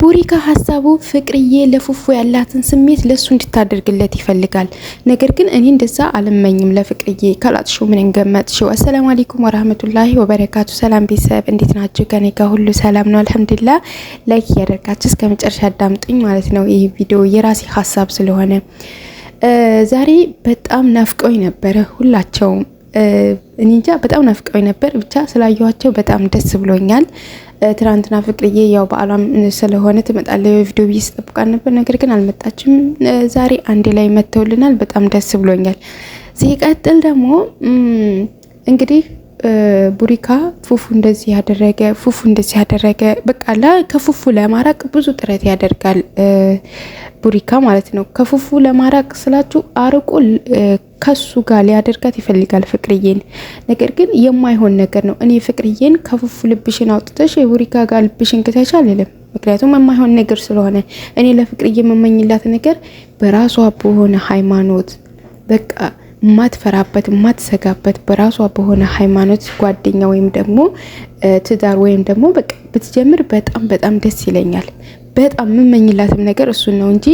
ቡሪ ከሀሳቡ ፍቅርዬ ለፉፉ ያላትን ስሜት ለእሱ እንድታደርግለት ይፈልጋል። ነገር ግን እኔ እንደዛ አልመኝም። ለፍቅርዬ ካላጥሹ ምን እንገመጥሽው። አሰላሙ አለይኩም ወራህመቱላሂ ወበረካቱ። ሰላም ቤተሰብ እንዴት ናቸው? ከኔ ጋር ሁሉ ሰላም ነው አልሐምዱላ። ላይክ እያደርጋችሁ እስከ መጨረሻ አዳምጡኝ ማለት ነው። ይህ ቪዲዮ የራሴ ሀሳብ ስለሆነ ዛሬ በጣም ናፍቀውኝ ነበረ ሁላቸውም እኔ እንጃ በጣም ናፍቀው ነበር። ብቻ ስላየኋቸው በጣም ደስ ብሎኛል። ትናንትና ፍቅርዬ ያው በዓሏም ስለሆነ ትመጣለች ቪዲዮ ብዬ ስጠብቃት ነበር፣ ነገር ግን አልመጣችም። ዛሬ አንዴ ላይ መጥተውልናል። በጣም ደስ ብሎኛል። ሲቀጥል ደግሞ እንግዲህ ቡሪካ ፉፉ እንደዚህ ያደረገ ፉፉ እንደዚህ ያደረገ በቃ ላ ከፉፉ ለማራቅ ብዙ ጥረት ያደርጋል ቡሪካ ማለት ነው። ከፉፉ ለማራቅ ስላችሁ አርቆ ከሱ ጋር ሊያደርጋት ይፈልጋል ፍቅርዬን። ነገር ግን የማይሆን ነገር ነው። እኔ ፍቅርዬን ከፉፉ ልብሽን አውጥተሽ የቡሪካ ጋር ልብሽን ክተሽ አልልም። ምክንያቱም የማይሆን ነገር ስለሆነ እኔ ለፍቅርዬ የምመኝላት ነገር በራሷ በሆነ ሃይማኖት በቃ ማትፈራበት ማትሰጋበት በራሷ በሆነ ሃይማኖት ጓደኛ ወይም ደግሞ ትዳር ወይም ደግሞ በቃ ብትጀምር በጣም በጣም ደስ ይለኛል። በጣም የምመኝላትም ነገር እሱን ነው እንጂ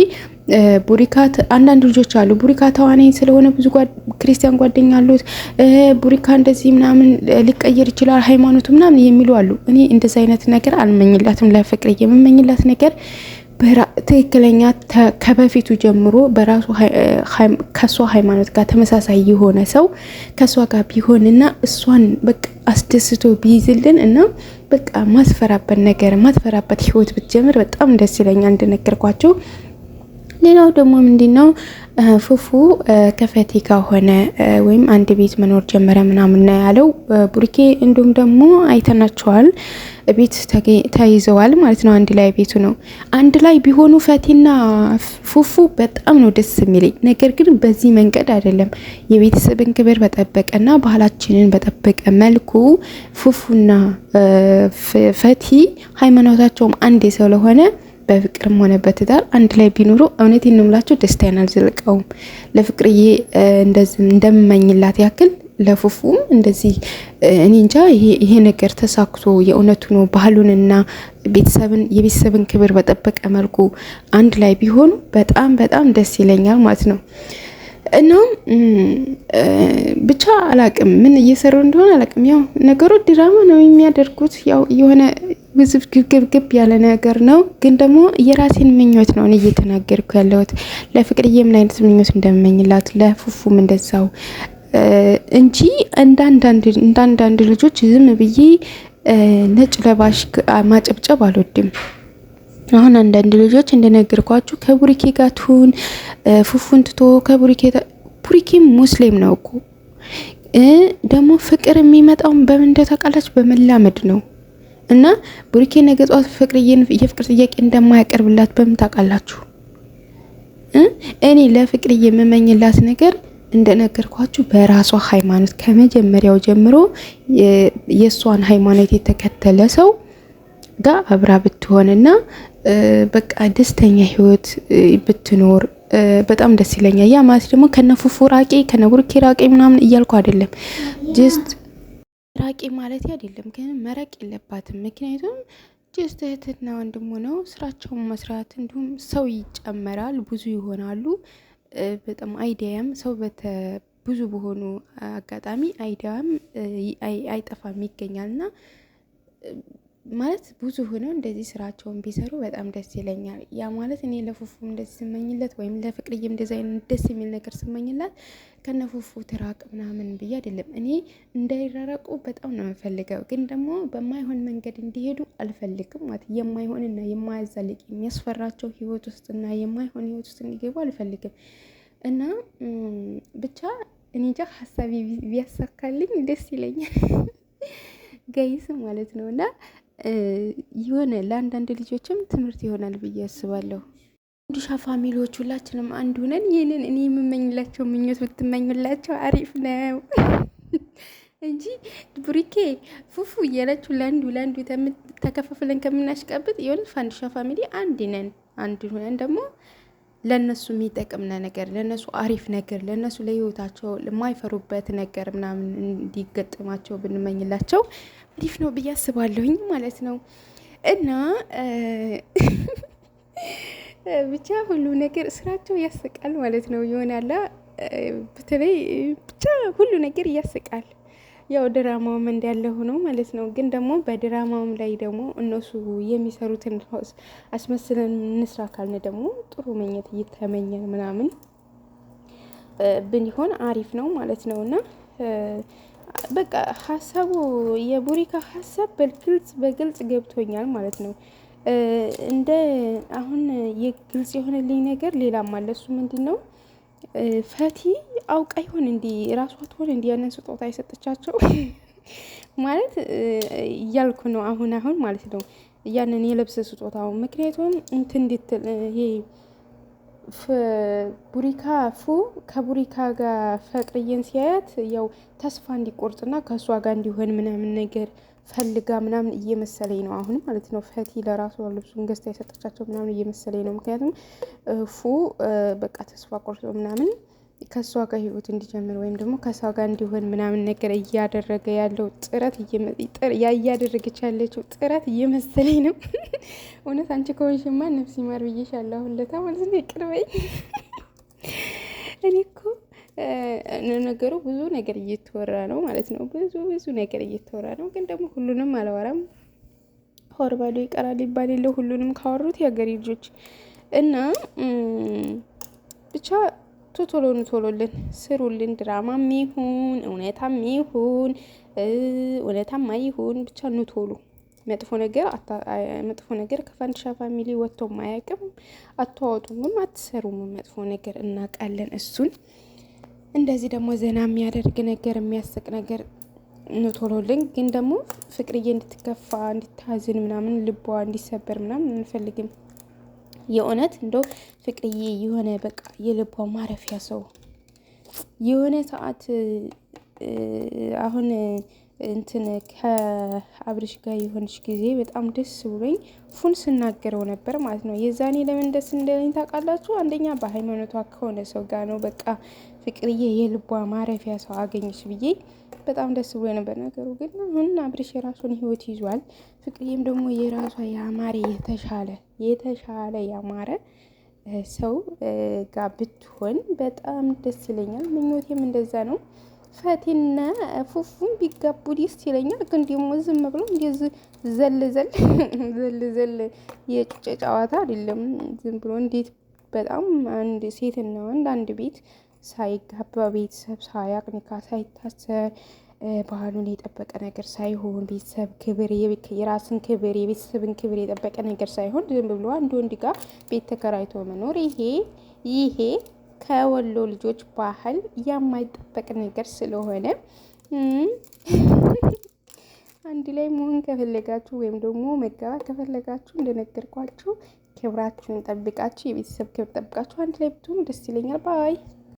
ቡሪካ አንዳንድ ልጆች አሉ። ቡሪካ ተዋናይ ስለሆነ ብዙ ክርስቲያን ጓደኛ አሉት፣ ቡሪካ እንደዚህ ምናምን ሊቀየር ይችላል ሃይማኖቱ ምናምን የሚሉ አሉ። እኔ እንደዚ አይነት ነገር አልመኝላትም። ለፍቅር የምመኝላት ነገር ትክክለኛ ከበፊቱ ጀምሮ በራሱ ከእሷ ሃይማኖት ጋር ተመሳሳይ የሆነ ሰው ከእሷ ጋር ቢሆንና እሷን በቃ አስደስቶ ቢይዝልን እና በቃ ማስፈራበት ነገር ማስፈራበት ህይወት ብትጀምር በጣም ደስ ይለኛል። እንደነገርኳቸው ሌላው ደግሞ ምንድን ነው ፉፉ ከፈቴ ጋር ሆነ ወይም አንድ ቤት መኖር ጀመረ ምናምን ነው ያለው ቡርኬ። እንዲሁም ደግሞ አይተናቸዋል ቤት ተይዘዋል ማለት ነው። አንድ ላይ ቤቱ ነው። አንድ ላይ ቢሆኑ ፈቲና ፉፉ በጣም ነው ደስ የሚለኝ። ነገር ግን በዚህ መንገድ አይደለም። የቤተሰብን ክብር በጠበቀና ባህላችንን በጠበቀ መልኩ ፉፉና ፈቲ ሃይማኖታቸውም አንድ ስለሆነ በፍቅርም ሆነ በትዳር አንድ ላይ ቢኖሩ እውነቴን ነው የምላቸው ደስታዬን አልዘልቀውም። ለፍቅርዬ እንደምመኝላት ያክል ለፉፉም እንደዚህ እኔ እንጃ ይሄ ነገር ተሳክቶ የእውነቱ ነው ባህሉንና ቤተሰብን የቤተሰብን ክብር በጠበቀ መልኩ አንድ ላይ ቢሆኑ በጣም በጣም ደስ ይለኛል ማለት ነው። እናም ብቻ አላቅም ምን እየሰሩ እንደሆነ አላቅም። ያው ነገሮች ድራማ ነው የሚያደርጉት። ያው የሆነ ውዝብ ግብግብ ያለ ነገር ነው፣ ግን ደግሞ የራሴን ምኞት ነው እየተናገርኩ ያለሁት። ለፍቅርዬ ምን አይነት ምኞት እንደምመኝላት ለፉፉም እንደዛው እንጂ እንዳንዳንድ ልጆች ዝም ብዬ ነጭ ለባሽ ማጨብጨብ አልወድም። አሁን አንዳንድ ልጆች እንደነገርኳችሁ ከቡሪኬ ጋር ትሁን ፉፉን ትቶ ከቡሪኬ ቡሪኬም ሙስሊም ነው እኮ ደግሞ ፍቅር የሚመጣው በምን እንደታውቃላችሁ በመላመድ ነው። እና ቡሪኬ ነገ ጧት ፍቅርዬን የፍቅር ጥያቄ እንደማያቀርብላት በምን ታውቃላችሁ? እኔ ለፍቅርዬ የምመኝላት ነገር እንደነገርኳችሁ በራሷ ሃይማኖት ከመጀመሪያው ጀምሮ የእሷን ሃይማኖት የተከተለ ሰው ጋር አብራ ብትሆንና በቃ ደስተኛ ህይወት ብትኖር በጣም ደስ ይለኛል። ያ ማለት ደግሞ ከነፉፉ ራቄ ከነቡርኬ ራቄ ምናምን እያልኩ አይደለም ጀስት ራቄ ማለት አይደለም፣ ግን መረቅ የለባትም። ምክንያቱም ጀስት እህትና ወንድም ሆነው ስራቸውን መስራት እንዲሁም ሰው ይጨመራል፣ ብዙ ይሆናሉ። በጣም አይዲያም ሰው በተ ብዙ በሆኑ አጋጣሚ አይዲያም አይጠፋም ይገኛል ይገኛልና ማለት ብዙ ሆነው እንደዚህ ስራቸውን ቢሰሩ በጣም ደስ ይለኛል። ያ ማለት እኔ ለፉፉም እንደዚህ ስመኝለት ወይም ለፍቅርዬም እንደዚህ አይነት ደስ የሚል ነገር ስመኝላት ከነ ፉፉ ትራቅ ምናምን ብዬ አይደለም። እኔ እንዳይራረቁ በጣም ነው የምፈልገው፣ ግን ደግሞ በማይሆን መንገድ እንዲሄዱ አልፈልግም። ማለት የማይሆንና የማያዛልቅ የሚያስፈራቸው ህይወት ውስጥና የማይሆን ህይወት ውስጥ እንዲገቡ አልፈልግም እና ብቻ እኔ እንጃ ሀሳቤ ቢያሳካልኝ ደስ ይለኛል። ገይስ ማለት ነው እና የሆነ ለአንዳንድ ልጆችም ትምህርት ይሆናል ብዬ አስባለሁ። ዱሻ ፋሚሊዎች ሁላችንም አንድ ሆነን ይህንን እኔ የምመኝላቸው ምኞት ብትመኙላቸው አሪፍ ነው እንጂ ቡሪኬ ፉፉ እያላችሁ ለአንዱ ለአንዱ ተከፋፍለን ከምናሽቀብጥ የሆነ ፋንዲሻ ፋሚሊ አንድ ነን። አንድ ሆነን ደግሞ ለነሱ የሚጠቅም ነገር ለነሱ አሪፍ ነገር ለነሱ ለህይወታቸው ለማይፈሩበት ነገር ምናምን እንዲገጥማቸው ብንመኝላቸው አሪፍ ነው ብዬ አስባለሁኝ ማለት ነው እና ብቻ ሁሉ ነገር ስራቸው ያስቃል ማለት ነው ይሆናላ። በተለይ ብቻ ሁሉ ነገር ያስቃል። ያው ድራማውም እንዳለ ሆኖ ማለት ነው። ግን ደግሞ በድራማውም ላይ ደግሞ እነሱ የሚሰሩትን አስመስለን እንስራ ካልን ደግሞ ጥሩ መኘት እየተመኘን ምናምን ብንሆን አሪፍ ነው ማለት ነው እና በቃ ሀሳቡ የቡሪካ ሀሳብ በግልጽ በግልጽ ገብቶኛል ማለት ነው። እንደ አሁን የግልጽ የሆነልኝ ነገር ሌላም አለ። እሱ ምንድን ነው? ፈቲ አውቃ ይሆን እንዲ ራሷ ትሆን እንዲ ያንን ስጦታ የሰጠቻቸው ማለት እያልኩ ነው። አሁን አሁን ማለት ነው ያንን የልብስ ስጦታው ምክንያቱም እንትን እንድትል ይሄ ቡሪካ ፉ ከቡሪካ ጋር ፈቅርዬን ሲያያት ያው ተስፋ እንዲቆርጥና ከእሷ ጋር እንዲሆን ምናምን ነገር ፈልጋ ምናምን እየመሰለኝ ነው አሁን ማለት ነው። ፈቲ ለራሷ ልብሱን ገዝታ የሰጠቻቸው ምናምን እየመሰለኝ ነው። ምክንያቱም ፉ በቃ ተስፋ ቆርጦ ምናምን ከእሷ ጋር ህይወት እንዲጀምር ወይም ደግሞ ከእሷ ጋር እንዲሆን ምናምን ነገር እያደረገ ያለው ጥረት እያደረገች ያለችው ጥረት እየመሰለኝ ነው። እውነት አንቺ ከሆንሽማ ነፍስ ማር ብዬሻለሁ። አሁን ለታ ማለት ነው። ይቅር በይ እኔ እኮ ነገሩ ብዙ ነገር እየተወራ ነው ማለት ነው። ብዙ ብዙ ነገር እየተወራ ነው፣ ግን ደግሞ ሁሉንም አላወራም። ሆር ባዶ ይቀራል ይባል የለ ሁሉንም ካወሩት የሀገር ልጆች እና ብቻ ቶቶሎን ቶሎልን ስሩልን፣ ድራማ ሚሁን እውነታ ሚሁን እውነታ ማይሁን ብቻ ኑቶሉ መጥፎ ነገር መጥፎ ነገር ከፋንድሻ ፋሚሊ ወጥቶ ማያቅም አተዋወጡምም አትሰሩምም መጥፎ ነገር እናቃለን እሱን እንደዚህ ደግሞ ዘና የሚያደርግ ነገር የሚያስቅ ነገር ቶሎልን ግን ደግሞ ፍቅርዬ እንድትከፋ እንድታዝን ምናምን ልቧ እንዲሰበር ምናምን አንፈልግም። የእውነት እንደው ፍቅርዬ የሆነ በቃ የልቧ ማረፊያ ሰው የሆነ ሰዓት አሁን እንትን ከአብርሽ ጋር የሆነች ጊዜ በጣም ደስ ብሎኝ ፉን ስናገረው ነበር ማለት ነው። የዛኔ ለምን ደስ እንደለኝ ታውቃላችሁ? አንደኛ በሃይማኖቷ ከሆነ ሰው ጋር ነው። በቃ ፍቅርዬ የልቧ ማረፊያ ሰው አገኘች ብዬ በጣም ደስ ብሎ ነበር። ነገሩ ግን አሁን አብርሽ የራሱን ህይወት ይዟል። ፍቅርዬም ደግሞ የራሷ ያማረ የተሻለ የተሻለ ያማረ ሰው ጋር ብትሆን በጣም ደስ ይለኛል። ምኞቴም እንደዛ ነው። ፈቲና ፉፉም ቢጋቡ ደስ ይለኛል። ግን ደግሞ ዝም ብሎ እንደዚህ ዘል ዘል ዘል ዘል የጩጬ ጨዋታ አይደለም። ዝም ብሎ እንዴት በጣም አንድ ሴትና ወንድ አንድ ቤት ሳይጋባ ቤተሰብ ሳያቅ ኒካ ሳይታሰር ባህሉን የጠበቀ ነገር ሳይሆን ቤተሰብ ክብር የራስን ክብር የቤተሰብን ክብር የጠበቀ ነገር ሳይሆን ዝም ብሎ አንድ ወንድ ጋር ቤት ተከራይቶ መኖር ይሄ ይሄ ከወሎ ልጆች ባህል የማይጠበቅ ነገር ስለሆነ አንድ ላይ መሆን ከፈለጋችሁ ወይም ደግሞ መጋባት ከፈለጋችሁ እንደነገርኳችሁ ክብራችሁን ጠብቃችሁ የቤተሰብ ክብር ጠብቃችሁ አንድ ላይ ብትሆኑ ደስ ይለኛል ባይ